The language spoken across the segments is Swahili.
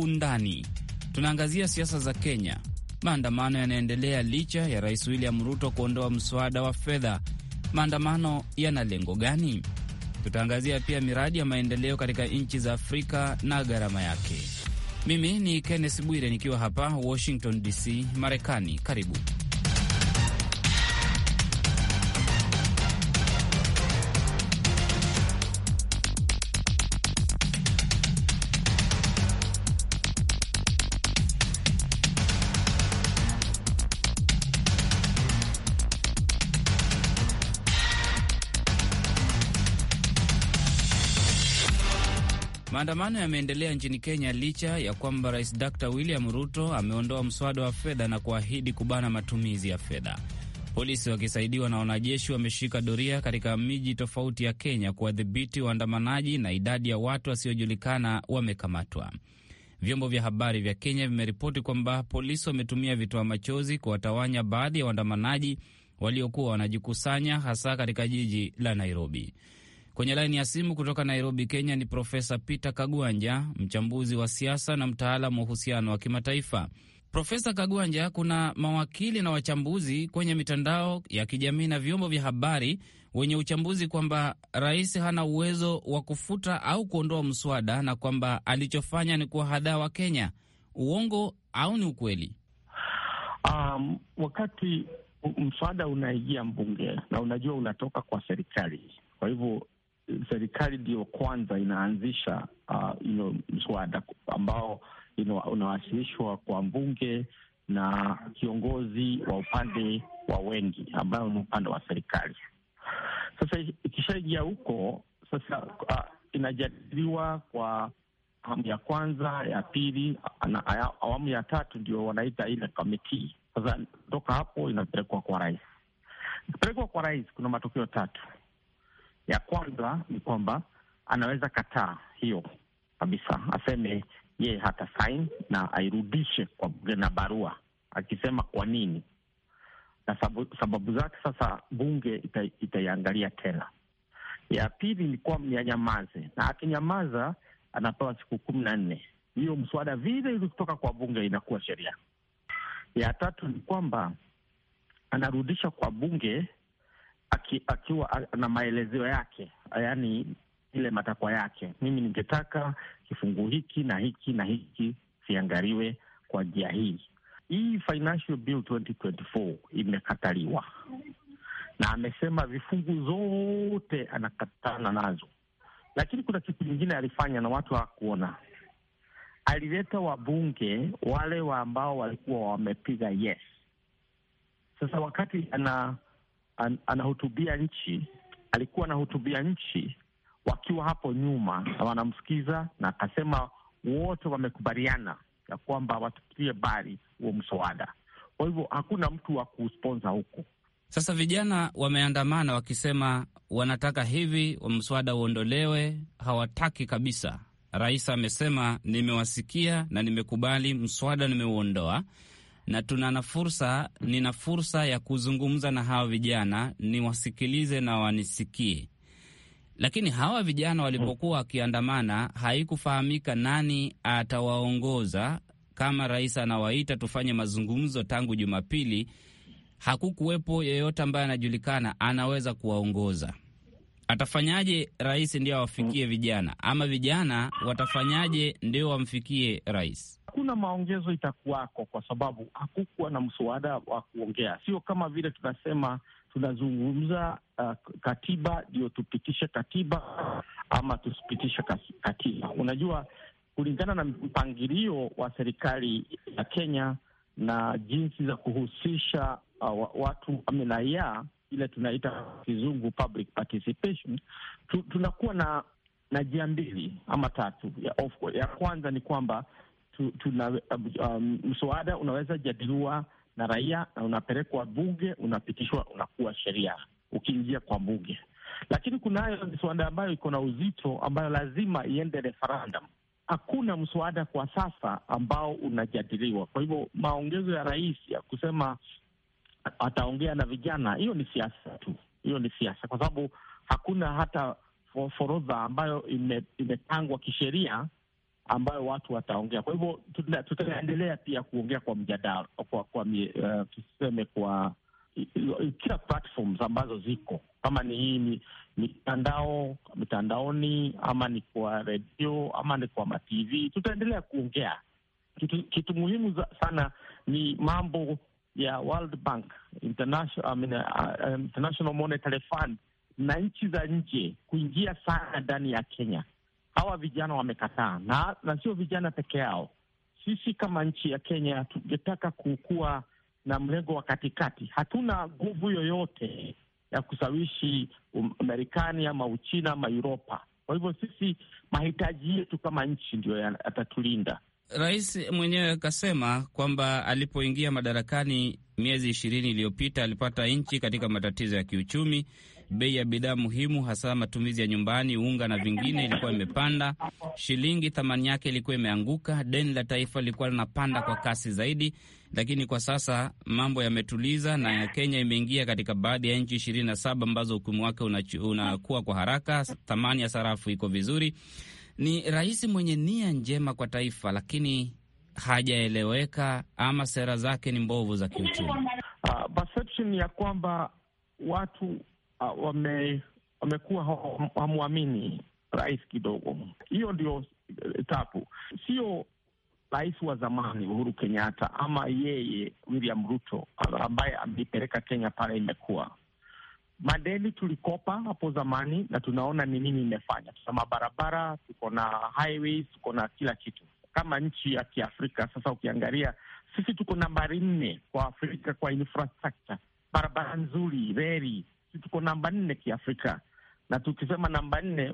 undani tunaangazia siasa za Kenya. Maandamano yanaendelea licha ya Rais William Ruto kuondoa mswada wa fedha. Maandamano yana lengo gani? Tutaangazia pia miradi ya maendeleo katika nchi za Afrika na gharama yake. Mimi ni Kenneth Bwire nikiwa hapa Washington DC, Marekani. Karibu. Maandamano yameendelea nchini Kenya licha ya kwamba Rais Dr William Ruto ameondoa mswada wa fedha na kuahidi kubana matumizi ya fedha. Polisi wakisaidiwa na wanajeshi wameshika doria katika miji tofauti ya Kenya kuwadhibiti waandamanaji na idadi ya watu wasiojulikana wamekamatwa. Vyombo vya habari vya Kenya vimeripoti kwamba polisi wametumia vitoa machozi kuwatawanya baadhi ya waandamanaji waliokuwa wanajikusanya hasa katika jiji la Nairobi. Kwenye laini ya simu kutoka Nairobi, Kenya ni Profesa Peter Kagwanja, mchambuzi wa siasa na mtaalamu wa uhusiano wa kimataifa. Profesa Kagwanja, kuna mawakili na wachambuzi kwenye mitandao ya kijamii na vyombo vya habari wenye uchambuzi kwamba rais hana uwezo wa kufuta au kuondoa mswada na kwamba alichofanya ni kuwahadaa wa Kenya. Uongo au ni ukweli? Um, wakati mswada unaingia mbunge na unajua unatoka kwa serikali, kwa hivyo serikali ndiyo kwanza inaanzisha hilo uh, mswada ambao unawasilishwa kwa mbunge na kiongozi wa upande wa wengi ambayo ni upande wa serikali. Sasa ikishaingia huko sasa, uh, inajadiliwa kwa awamu ya kwanza, ya pili na awamu ya tatu, ndio wanaita ile committee. Sasa kutoka hapo inapelekwa kwa rais. Ikipelekwa kwa rais, kuna matokeo tatu. Ya kwanza ni kwamba anaweza kataa hiyo kabisa, aseme yeye hata saini na airudishe kwa bunge na barua akisema kwa nini na sababu, sababu zake. Sasa bunge ita, itaiangalia tena. Ya pili ni kwamba anyamaze, na akinyamaza anapewa siku kumi na nne hiyo mswada vile ilikutoka kwa bunge inakuwa sheria. Ya tatu ni kwamba anarudisha kwa bunge aki, akiwa na maelezo yake, yaani ile matakwa yake, mimi ningetaka kifungu hiki na hiki na hiki viangaliwe kwa njia hii. Hii Financial Bill 2024 imekataliwa na amesema vifungu zote anakatana nazo, lakini kuna kitu kingine alifanya na watu hawakuona. Alileta wabunge wale wa ambao walikuwa wamepiga yes. Sasa wakati ana an, anahutubia nchi, alikuwa anahutubia nchi wakiwa hapo nyuma na wanamsikiza, na akasema wote wamekubaliana ya kwamba watupilie bari huo mswada. Kwa hivyo hakuna mtu wa kusponsa huku Sasa vijana wameandamana wakisema wanataka hivi, wa mswada uondolewe, hawataki kabisa. Rais amesema nimewasikia na nimekubali mswada, nimeuondoa na tuna na fursa, nina fursa ya kuzungumza na hawa vijana niwasikilize na wanisikie. Lakini hawa vijana walipokuwa wakiandamana, haikufahamika nani atawaongoza. Kama rais anawaita tufanye mazungumzo tangu Jumapili, hakukuwepo yeyote ambaye anajulikana anaweza kuwaongoza atafanyaje rais ndio awafikie mm. vijana, ama vijana watafanyaje ndio wamfikie rais? Hakuna maongezo itakuwako, kwa sababu hakukuwa na mswada wa kuongea. Sio kama vile tunasema tunazungumza uh, katiba ndio tupitishe katiba ama tusipitishe katiba. Unajua, kulingana na mpangilio wa serikali ya Kenya na jinsi za kuhusisha uh, watu raia ile tunaita kizungu public participation tu, tunakuwa na na njia mbili ama tatu ya, of, ya kwanza ni kwamba tu, tuna um, mswada unaweza jadiliwa na raia na unapelekwa bunge, unapitishwa, unakuwa sheria ukiingia kwa bunge. Lakini kunayo mswada ambayo iko na uzito ambayo lazima iende referendum. Hakuna mswada kwa sasa ambao unajadiliwa. Kwa hivyo maongezo ya rais ya kusema ataongea na vijana. Hiyo ni siasa tu, hiyo ni siasa, kwa sababu hakuna hata forodha ambayo imepangwa kisheria ambayo watu wataongea. Kwa hivyo tutaendelea pia kuongea kwa mjadala, kwa kwa eh, tuseme, kwa kila platforms ambazo ziko kama ni hii mitandao mitandaoni, ama ni kwa redio, ama ni kwa matv, tutaendelea kuongea kitu, kitu muhimu sana ni mambo ya World Bank, International, I mean, uh, uh, International Monetary Fund na nchi za nje kuingia sana ndani ya Kenya. Hawa vijana wamekataa, na, na sio vijana peke yao. Sisi kama nchi ya Kenya tungetaka kukuwa na mlengo wa katikati. Hatuna nguvu yoyote ya kusawishi Marekani um, ama Uchina ama Uropa. Kwa hivyo sisi mahitaji yetu kama nchi ndio yatatulinda. Rais mwenyewe akasema kwamba alipoingia madarakani miezi ishirini iliyopita alipata nchi katika matatizo ya kiuchumi. Bei ya bidhaa muhimu, hasa matumizi ya nyumbani, unga na vingine, ilikuwa imepanda. Shilingi thamani yake ilikuwa imeanguka, deni la taifa lilikuwa linapanda kwa kasi zaidi. Lakini kwa sasa mambo yametuliza, na Kenya imeingia katika baadhi ya nchi ishirini na saba ambazo uchumi wake unakuwa una kwa haraka, thamani ya sarafu iko vizuri ni rais mwenye nia njema kwa taifa, lakini hajaeleweka ama sera zake ni mbovu za kiuchumi. Uh, perception ya kwamba watu uh, wame, wamekuwa hamwamini rais kidogo. Hiyo ndio eh, tapu. sio rais wa zamani Uhuru Kenyatta ama yeye William Ruto ambaye ameipeleka Kenya pale imekuwa madeni tulikopa hapo zamani, na tunaona ni nini imefanya. Tuna mabarabara, tuko na highways, tuko na kila kitu kama nchi ya Kiafrika. Sasa ukiangalia sisi tuko nambari nne kwa Afrika kwa infrastructure, barabara nzuri, reli. Sisi tuko namba nne Kiafrika, na tukisema namba nne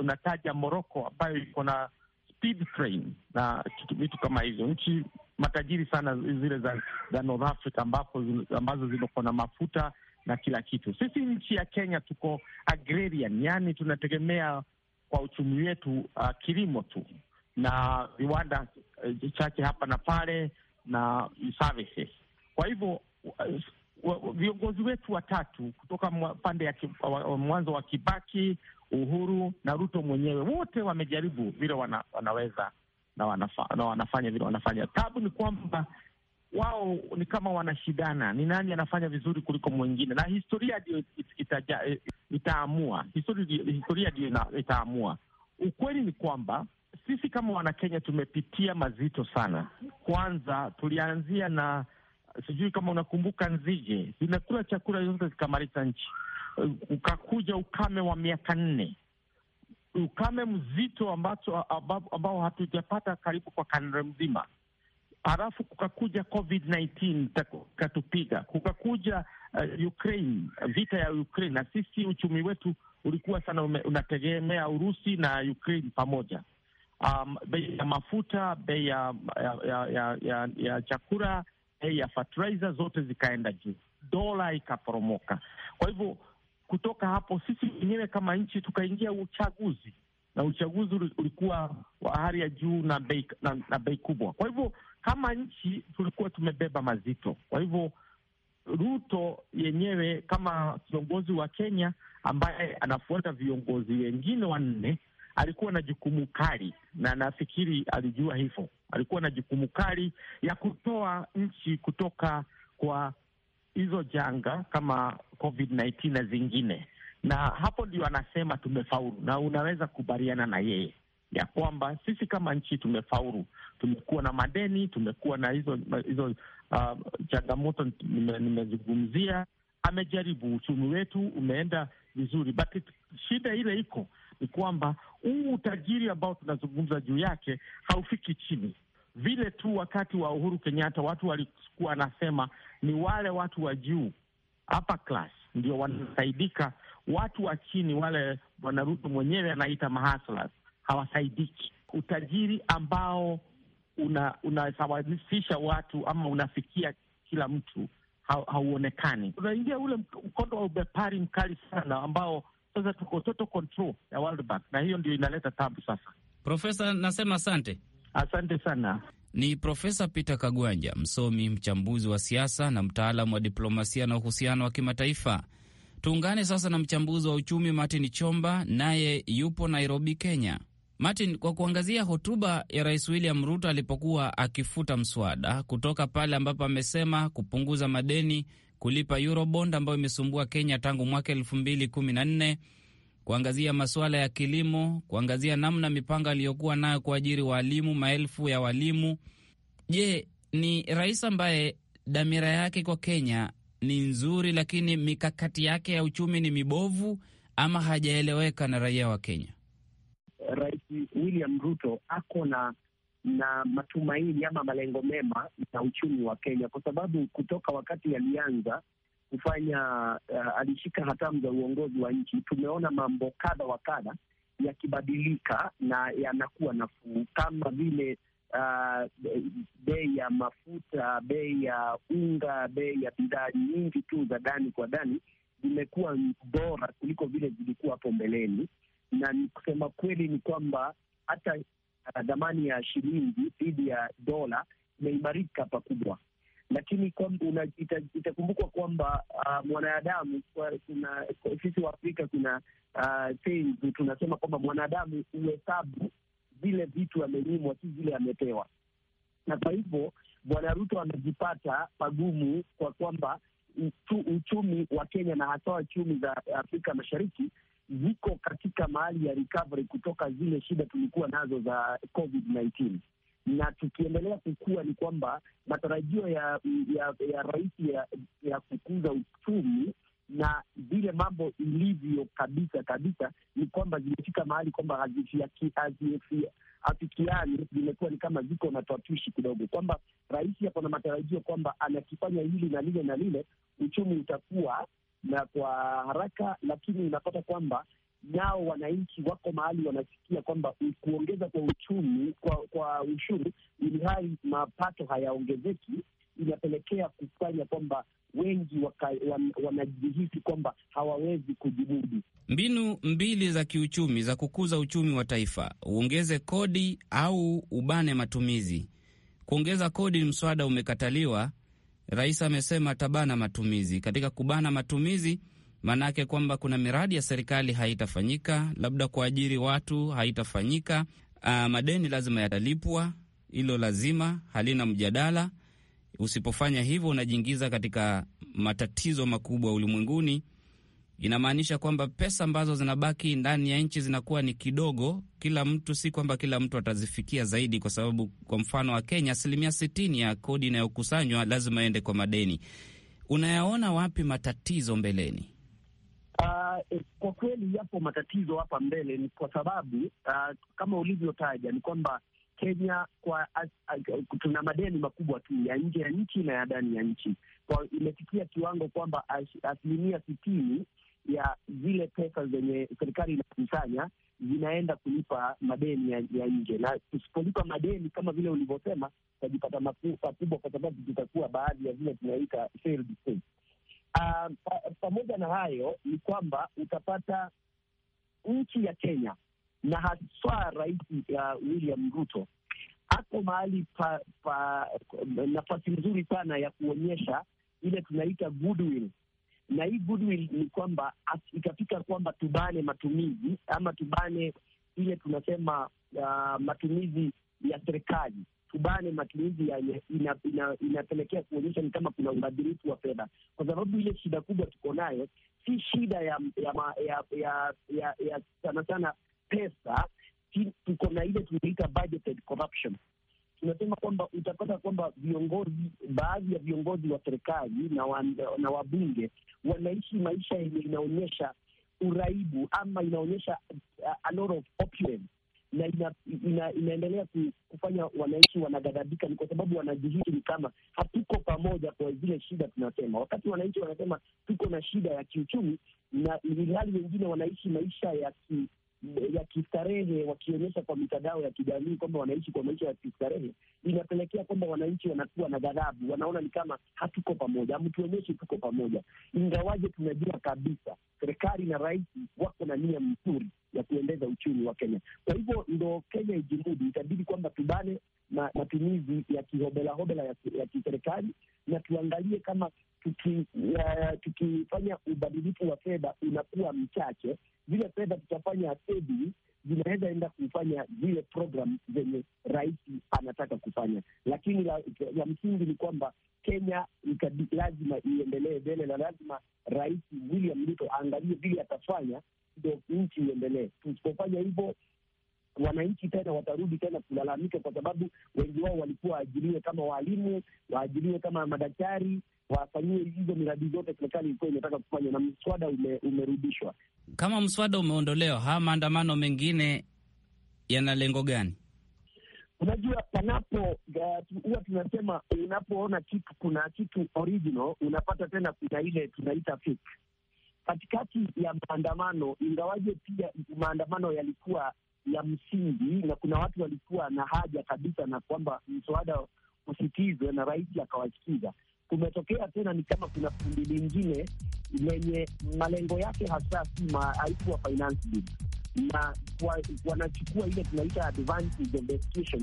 unataja Moroko ambayo iko na speed train na vitu kama hivyo, nchi matajiri sana zile za, za North Africa ambapo ambazo ziko na mafuta na kila kitu. Sisi nchi ya Kenya tuko agrarian, yani tunategemea kwa uchumi wetu uh, kilimo tu na viwanda uh, chache hapa na pale na services. Kwa hivyo uh, uh viongozi wetu watatu kutoka pande ya mwanzo wa Kibaki, Uhuru na Ruto mwenyewe wote wamejaribu vile wana, wanaweza na, wanafa, na wanafanya vile wanafanya. Tabu ni kwamba wao ni kama wanashidana, ni nani anafanya vizuri kuliko mwingine, na historia ndio eh, itaamua. Historia ndio itaamua. Ukweli ni kwamba sisi kama Wanakenya tumepitia mazito sana. Kwanza tulianzia na sijui kama unakumbuka Nzige, zimekula chakula zote zikamaliza nchi. Ukakuja ukame wa miaka nne, ukame mzito ambao hatujapata karibu kwa karne mzima halafu kukakuja COVID-19 katupiga, kukakuja uh, Ukraine, vita ya Ukraine, na sisi uchumi wetu ulikuwa sana ume, unategemea Urusi na Ukraine pamoja. Um, bei ya mafuta, bei ya, ya, ya, ya, ya, ya chakula, bei ya fertilizer zote zikaenda juu, dola ikaporomoka. Kwa hivyo kutoka hapo sisi wenyewe kama nchi tukaingia uchaguzi na uchaguzi ulikuwa wa hali ya juu na bei na, na bei kubwa. Kwa hivyo kama nchi tulikuwa tumebeba mazito. Kwa hivyo Ruto yenyewe kama kiongozi wa Kenya ambaye anafuata viongozi wengine wanne alikuwa na jukumu kali, na nafikiri alijua hivyo. Alikuwa na jukumu kali ya kutoa nchi kutoka kwa hizo janga kama COVID-19 na zingine na hapo ndio anasema tumefaulu, na unaweza kubaliana na yeye ya kwamba sisi kama nchi tumefaulu. Tumekuwa na madeni, tumekuwa na hizo hizo uh, changamoto nimezungumzia, nime amejaribu, uchumi wetu umeenda vizuri, but shida ile iko ni kwamba huu utajiri ambao tunazungumza juu yake haufiki chini vile tu. Wakati wa Uhuru Kenyatta watu walikuwa wanasema ni wale watu wa juu upper class ndio wanasaidika watu wa chini wale, Bwana Ruto mwenyewe anaita mahasla, hawasaidiki. Utajiri ambao unasawazisisha una watu ama unafikia kila mtu hauonekani. Unaingia ule mkondo wa ubepari mkali sana ambao sasa tuko total control ya World Bank, na hiyo ndio inaleta tabu sasa. Profesa, nasema asante, asante sana. Ni Profesa Peter Kagwanja, msomi mchambuzi wa siasa na mtaalamu wa diplomasia na uhusiano wa kimataifa. Tuungane sasa na mchambuzi wa uchumi Martin Chomba, naye yupo Nairobi, Kenya. Martin, kwa kuangazia hotuba ya Rais William Ruto alipokuwa akifuta mswada kutoka pale ambapo amesema kupunguza madeni, kulipa Eurobond ambayo imesumbua Kenya tangu mwaka elfu mbili kumi na nne, kuangazia masuala ya kilimo, kuangazia namna mipango aliyokuwa nayo kuajiri waalimu, maelfu ya walimu. Je, ni rais ambaye dhamira yake kwa Kenya ni nzuri, lakini mikakati yake ya uchumi ni mibovu ama hajaeleweka na raia wa Kenya. Rais William Ruto ako na na matumaini ama malengo mema ya uchumi wa Kenya kwa sababu kutoka wakati alianza kufanya uh, alishika hatamu za uongozi wa nchi, tumeona mambo kadha wa kadha yakibadilika na yanakuwa nafuu, kama vile uh, bei ya mafuta, bei ya unga, bei ya bidhaa nyingi tu za ndani kwa ndani zimekuwa bora kuliko vile zilikuwa hapo mbeleni, na ni kusema kweli ni kwamba hata dhamani uh, ya shilingi dhidi ya dola imeimarika pakubwa, lakini itakumbukwa kwamba uh, mwanadamu sisi wa Afrika kuna uh, tunasema kwamba mwanadamu uhesabu vile vitu amenyimwa, si zile amepewa. Na kwa hivyo Bwana Ruto amejipata pagumu kwa kwamba uchumi wa Kenya na hasa uchumi za Afrika Mashariki ziko katika mahali ya recovery kutoka zile shida tulikuwa nazo za COVID-19 na tukiendelea kukua ni kwamba matarajio ya ya, ya rais ya, ya kukuza uchumi na vile mambo ilivyo kabisa kabisa, ni kwamba zimefika mahali kwamba haziafikiani, zimekuwa ni kama ziko na tatwishi kidogo, kwamba rais ako na matarajio kwamba anakifanya hili na lile na lile, uchumi utakuwa na kwa haraka, lakini unapata kwamba nao wananchi wako mahali wanasikia kwamba kuongeza kwa uchumi kwa, kwa ushuru ili hali mapato hayaongezeki, inapelekea kufanya kwamba wengi wanajihisi kwamba hawawezi kujibudi. Mbinu mbili za kiuchumi za kukuza uchumi wa taifa: uongeze kodi au ubane matumizi. Kuongeza kodi, mswada umekataliwa. Rais amesema atabana matumizi. Katika kubana matumizi, maanake kwamba kuna miradi ya serikali haitafanyika, labda kuajiri watu haitafanyika. Uh, madeni lazima yatalipwa, hilo lazima halina mjadala Usipofanya hivyo, unajiingiza katika matatizo makubwa ulimwenguni. Inamaanisha kwamba pesa ambazo zinabaki ndani ya nchi zinakuwa ni kidogo. Kila mtu, si kwamba kila mtu atazifikia zaidi, kwa sababu kwa mfano wa Kenya, asilimia sitini ya kodi inayokusanywa lazima ende kwa madeni. Unayaona wapi matatizo mbeleni? Uh, kwa kweli yapo matatizo hapa mbele, ni kwa sababu uh, kama ulivyotaja ni kwamba Kenya kwa tuna madeni makubwa tu ya nje ya nchi na ya ndani ya nchi, kwa imefikia kiwango kwamba asilimia sitini ya zile pesa zenye serikali inakusanya zinaenda kulipa madeni ya, ya nje, na tusipolipa madeni kama vile ulivyosema, tutajipata makubwa, kwa sababu tutakuwa baadhi ya vile tunaita failed ah, Pamoja na hayo ni kwamba utapata nchi ya Kenya na haswa Rais uh, William Ruto ako mahali pa, pa nafasi nzuri sana ya kuonyesha ile tunaita goodwill, na hii goodwill ni kwamba ikafika kwamba tubane matumizi ama tubane ile tunasema uh, matumizi ya serikali tubane matumizi inapelekea ina, ina kuonyesha ni kama kuna ubadhirifu wa fedha, kwa sababu ile shida kubwa tuko nayo si shida ya ya, ya, ya, ya, ya sana sana pesa, tuko na ile tunaita budgeted corruption. Tunasema kwamba utapata kwamba viongozi, baadhi ya viongozi wa serikali na, wa, na wabunge wanaishi maisha yenye inaonyesha uraibu ama inaonyesha uh, a lot of opulence na ina, ina, inaendelea kufanya wananchi wanaghadhabika. Ni kwa sababu wanajihisi ni kama hatuko pamoja kwa zile shida tunasema, wakati wananchi wanasema tuko na shida ya kiuchumi, na ilhali wengine wanaishi maisha ya ki, ya kistarehe wakionyesha kwa mitandao ya kijamii kwamba wanaishi kwa maisha ya kistarehe, inapelekea kwamba wananchi wanakuwa na ghadhabu, wanaona ni kama hatuko pamoja, hamtuonyeshi tuko pamoja, ingawaje tunajua kabisa serikali na rais wako na nia mzuri ya kuendeza uchumi wa Kenya. Kwa hivyo ndo Kenya ijimudi, itabidi kwamba tubane matumizi ya kihobelahobela ya, ya kiserikali, na tuangalie kama tuki, uh, tukifanya ubadilifu wa fedha unakuwa mchache, zile fedha tutafanya sedi zinaweza enda kufanya zile program zenye rais anataka kufanya, lakini la, la msingi ni kwamba Kenya ikadi, lazima iendelee mbele na lazima Rais William Ruto aangalie vile atafanya ndo nchi iendelee. Tusipofanya hivyo wananchi tena watarudi tena kulalamika, kwa sababu wengi wao walikuwa waajiriwe kama waalimu, waajiriwe kama madaktari, wafanyiwe hizo miradi zote serikali ilikuwa imetaka kufanya, na mswada ume, umerudishwa. Kama mswada umeondolewa, haya maandamano mengine yana lengo gani? Unajua, panapo uh, huwa tunasema unapoona kitu kuna kitu original unapata tena, kuna ile tunaita fake katikati ya maandamano. Ingawaje pia maandamano yalikuwa ya msingi, na kuna watu walikuwa na haja kabisa na kwamba mswada usikizwe, na rais akawasikiza. Kumetokea tena ni kama kuna kundi lingine lenye malengo yake hasa si haikuwa finance bill na wanachukua ile tunaita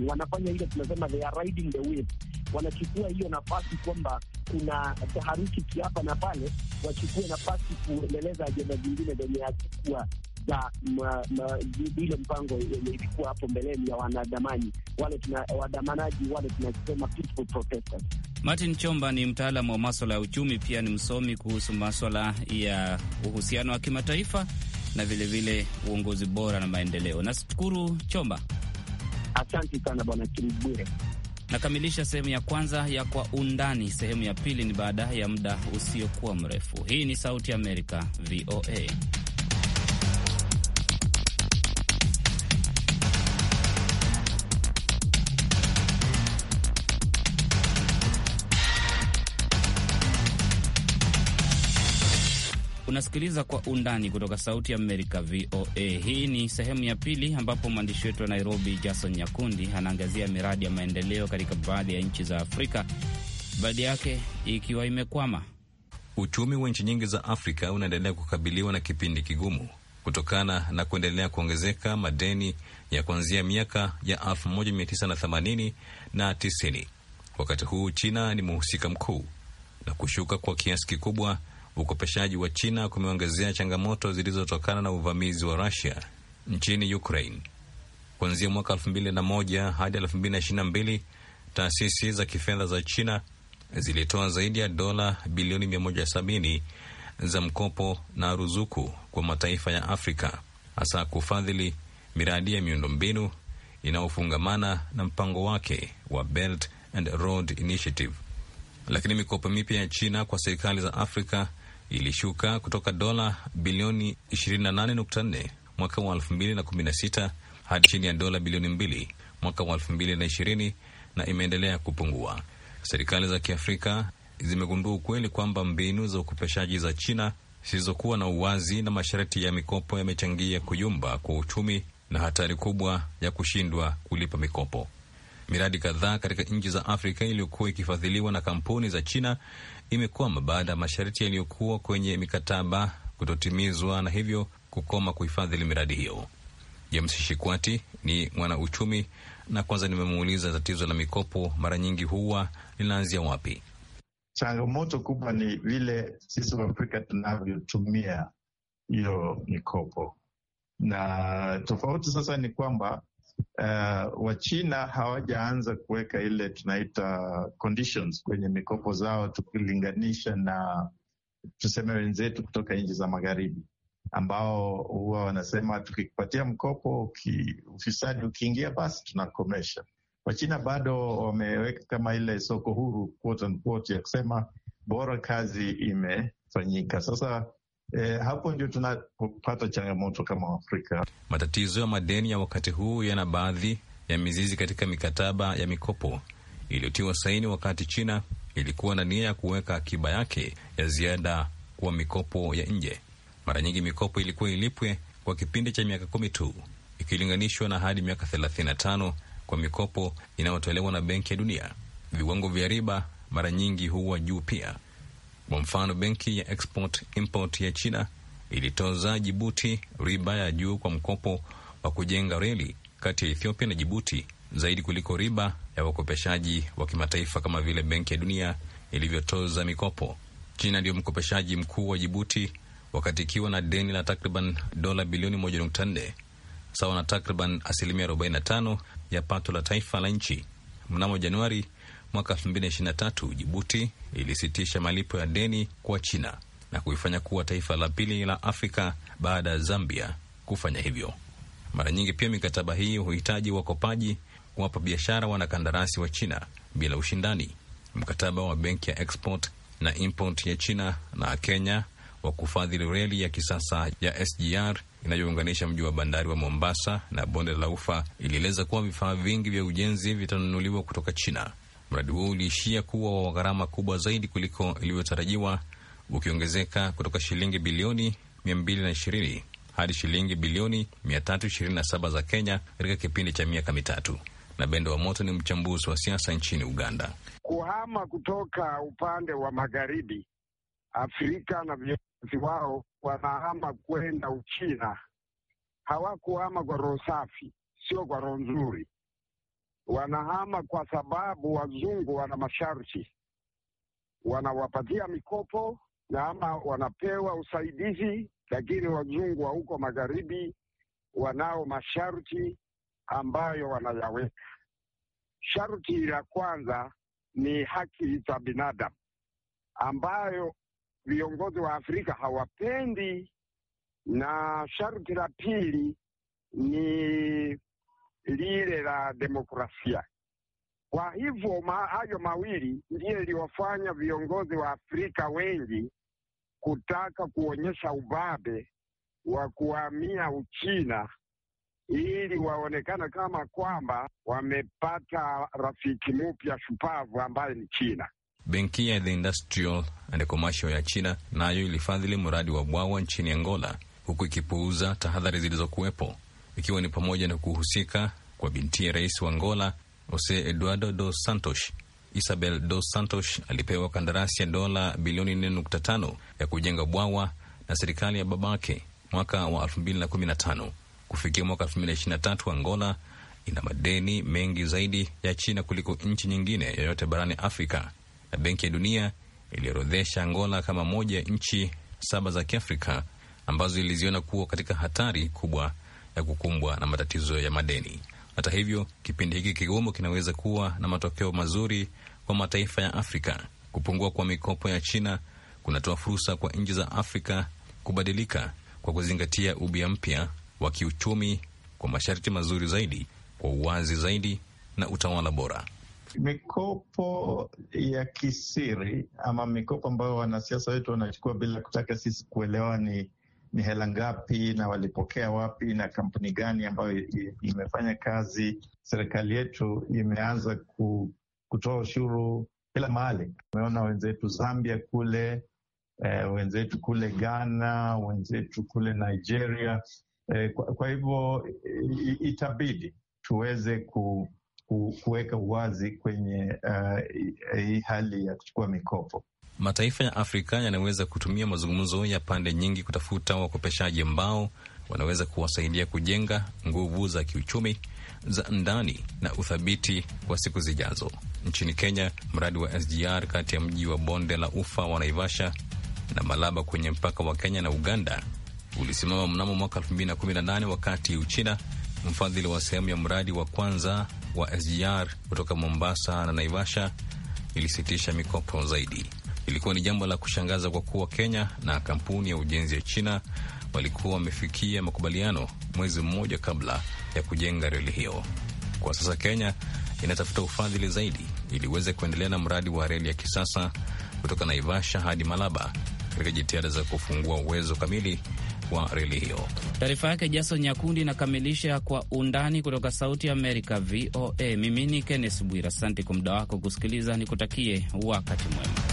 wanafanya ile tunasema they are riding the wave. Wanachukua hiyo nafasi kwamba kuna taharuki kiapa na pale, wachukue nafasi kuendeleza ajenda zingine zenye hazikuwa za ile mpango eh, ilikuwa hapo mbeleni ya wanadamani wale tuna, wadamanaji wale tunasema peaceful protesters. Martin Chomba ni mtaalamu wa maswala ya uchumi, pia ni msomi kuhusu maswala ya uhusiano wa kimataifa na vilevile vile uongozi bora na maendeleo. Nashukuru Chomba, asante sana bwana Bwire. Nakamilisha sehemu ya kwanza ya Kwa Undani. Sehemu ya pili ni baada ya muda usiokuwa mrefu. Hii ni Sauti ya Amerika, VOA. Unasikiliza Kwa Undani kutoka Sauti ya Amerika, VOA. Hii ni sehemu ya pili, ambapo mwandishi wetu wa Nairobi, Jason Nyakundi, anaangazia miradi ya maendeleo katika baadhi ya nchi za Afrika, baadhi yake ikiwa imekwama. Uchumi wa nchi nyingi za Afrika unaendelea kukabiliwa na kipindi kigumu kutokana na kuendelea kuongezeka madeni ya kuanzia miaka ya 1980 na 90. Wakati huu China ni mhusika mkuu na kushuka kwa kiasi kikubwa ukopeshaji wa China kumeongezea changamoto zilizotokana na uvamizi wa Rusia nchini Ukraine. Kuanzia mwaka elfu hadi elfu taasisi za kifedha za China zilitoa zaidi ya dola bilioni 170 za mkopo na ruzuku kwa mataifa ya Afrika, hasa kufadhili miradi ya miundombinu inayofungamana na mpango wake wa Belt and Road Initiative. Lakini mikopo mipya ya China kwa serikali za Afrika ilishuka kutoka dola bilioni 28.4 mwaka wa 2016 hadi chini ya dola bilioni 2 mwaka wa 2020 na imeendelea kupungua. Serikali za Kiafrika zimegundua ukweli kwamba mbinu za ukopeshaji za China zisizokuwa na uwazi na masharti ya mikopo yamechangia kuyumba kwa uchumi na hatari kubwa ya kushindwa kulipa mikopo. Miradi kadhaa katika nchi za Afrika iliyokuwa ikifadhiliwa na kampuni za China imekwama baada ya masharti yaliyokuwa kwenye mikataba kutotimizwa na hivyo kukoma kuhifadhili miradi hiyo. James Shikwati ni mwanauchumi na kwanza nimemuuliza tatizo la mikopo mara nyingi huwa linaanzia wapi? Changamoto kubwa ni vile sisi Waafrika tunavyotumia hiyo mikopo, na tofauti sasa ni kwamba uh, Wachina hawajaanza kuweka ile tunaita conditions kwenye mikopo zao, tukilinganisha na tuseme wenzetu kutoka nchi za magharibi ambao huwa wanasema tukikupatia mkopo uki, ufisadi ukiingia basi tunakomesha. Wachina bado wameweka kama ile soko huru quote unquote, ya kusema bora kazi imefanyika. Sasa E, hapo ndio tunapata changamoto kama Afrika. Matatizo ya madeni ya wakati huu yana baadhi ya mizizi katika mikataba ya mikopo iliyotiwa saini wakati China ilikuwa na nia ya kuweka akiba yake ya ziada kuwa mikopo ya nje. Mara nyingi mikopo ilikuwa ilipwe kwa kipindi cha miaka kumi tu ikilinganishwa na hadi miaka thelathini na tano kwa mikopo inayotolewa na Benki ya Dunia. Viwango vya riba mara nyingi huwa juu pia. Kwa mfano, benki ya Export Import ya China ilitoza Jibuti riba ya juu kwa mkopo wa kujenga reli kati ya Ethiopia na Jibuti zaidi kuliko riba ya wakopeshaji wa kimataifa kama vile Benki ya Dunia ilivyotoza mikopo. China ndiyo mkopeshaji mkuu wa Jibuti wakati ikiwa na deni la takriban dola bilioni 1.4 sawa na takriban asilimia 45 ya pato la taifa la nchi. Mnamo Januari Mwaka 2023 Jibuti ilisitisha malipo ya deni kwa China na kuifanya kuwa taifa la pili la Afrika baada ya Zambia kufanya hivyo. Mara nyingi pia mikataba hii huhitaji wakopaji kuwapa biashara wanakandarasi wa China bila ushindani. Mkataba wa benki ya Export na Import ya China na Kenya wa kufadhili reli ya kisasa ya SGR inayounganisha mji wa bandari wa Mombasa na bonde la Ufa ilieleza kuwa vifaa vingi vya ujenzi vitanunuliwa kutoka China. Mradi huo uliishia kuwa wa gharama kubwa zaidi kuliko ilivyotarajiwa, ukiongezeka kutoka shilingi bilioni 220 hadi shilingi bilioni 327 za Kenya katika kipindi cha miaka mitatu. Na Bendo wa Moto ni mchambuzi wa siasa nchini Uganda. Kuhama kutoka upande wa magharibi Afrika na viongozi wao wanahama kwenda Uchina, hawakuhama kwa roho safi, sio kwa roho nzuri wanahama kwa sababu wazungu wana masharti, wanawapatia mikopo na ama wanapewa usaidizi, lakini wazungu wa huko magharibi wanao masharti ambayo wanayaweka. Sharti la kwanza ni haki za binadamu ambayo viongozi wa Afrika hawapendi, na sharti la pili ni lile la demokrasia. Kwa hivyo ma, hayo mawili ndiyo iliwafanya viongozi wa Afrika wengi kutaka kuonyesha ubabe wa kuhamia Uchina ili waonekana kama kwamba wamepata rafiki mpya shupavu ambaye ni China. Benki ya The Industrial and Commercial ya China nayo na ilifadhili mradi wa bwawa nchini Angola, huku ikipuuza tahadhari zilizokuwepo ikiwa ni pamoja na kuhusika kwa bintiye rais wa Angola Jose Eduardo dos Santos. Isabel dos Santos alipewa kandarasi ya dola bilioni 4.5 ya kujenga bwawa na serikali ya babake mwaka wa 2015. Kufikia mwaka 2023, Angola ina madeni mengi zaidi ya China kuliko nchi nyingine yoyote barani Afrika, na Benki ya Dunia iliorodhesha Angola kama moja ya nchi saba za Kiafrika ambazo iliziona kuwa katika hatari kubwa ya kukumbwa na matatizo ya madeni. Hata hivyo, kipindi hiki kigumu kinaweza kuwa na matokeo mazuri kwa mataifa ya Afrika. Kupungua kwa mikopo ya China kunatoa fursa kwa nchi za Afrika kubadilika kwa kuzingatia ubia mpya wa kiuchumi kwa masharti mazuri zaidi, kwa uwazi zaidi na utawala bora. Mikopo ya kisiri ama mikopo ambayo wanasiasa wetu wanachukua bila kutaka sisi kuelewa ni ni hela ngapi na walipokea wapi na kampuni gani ambayo imefanya kazi. Serikali yetu imeanza kutoa ushuru kila mahali. umeona wenzetu Zambia kule, eh, wenzetu kule Ghana, wenzetu kule Nigeria. Eh, kwa, kwa hivyo itabidi tuweze ku, ku, kuweka uwazi kwenye uh, eh, hii hali ya kuchukua mikopo. Mataifa ya Afrika yanaweza kutumia mazungumzo ya pande nyingi kutafuta wakopeshaji ambao wanaweza kuwasaidia kujenga nguvu za kiuchumi za ndani na uthabiti kwa siku zijazo. Nchini Kenya, mradi wa SGR kati ya mji wa bonde la ufa wa Naivasha na Malaba kwenye mpaka wa Kenya na Uganda ulisimama mnamo mwaka 2018 wakati Uchina, mfadhili wa sehemu ya mradi wa kwanza wa SGR kutoka Mombasa na Naivasha, ilisitisha mikopo zaidi. Ilikuwa ni jambo la kushangaza kwa kuwa Kenya na kampuni ya ujenzi ya China walikuwa wamefikia makubaliano mwezi mmoja kabla ya kujenga reli hiyo. Kwa sasa Kenya inatafuta ufadhili zaidi ili iweze kuendelea na mradi wa reli ya kisasa kutoka Naivasha hadi Malaba katika jitihada za kufungua uwezo kamili wa reli hiyo. Taarifa yake Jason Nyakundi inakamilisha kwa undani kutoka Sauti Amerika VOA. Mimi ni Kennes Bwira, asante kwa muda wako kusikiliza, nikutakie wakati mwema.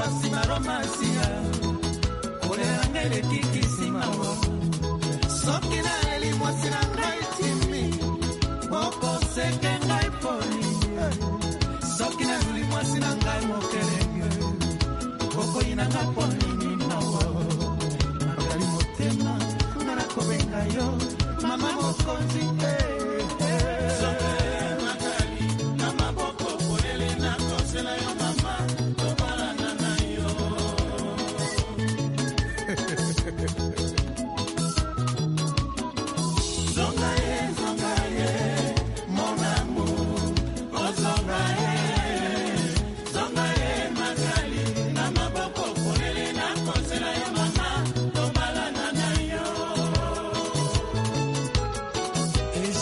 romasima romasia kolela ngai lekiki simango soki nayeli mwasi na ngai timi bokoseke ngai poni soki naluli mwasi na ngai mokelenge bokoyi na nga ponini mawo makali motema nga nakobenga yo mama mokonzi te eh.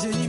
j'ai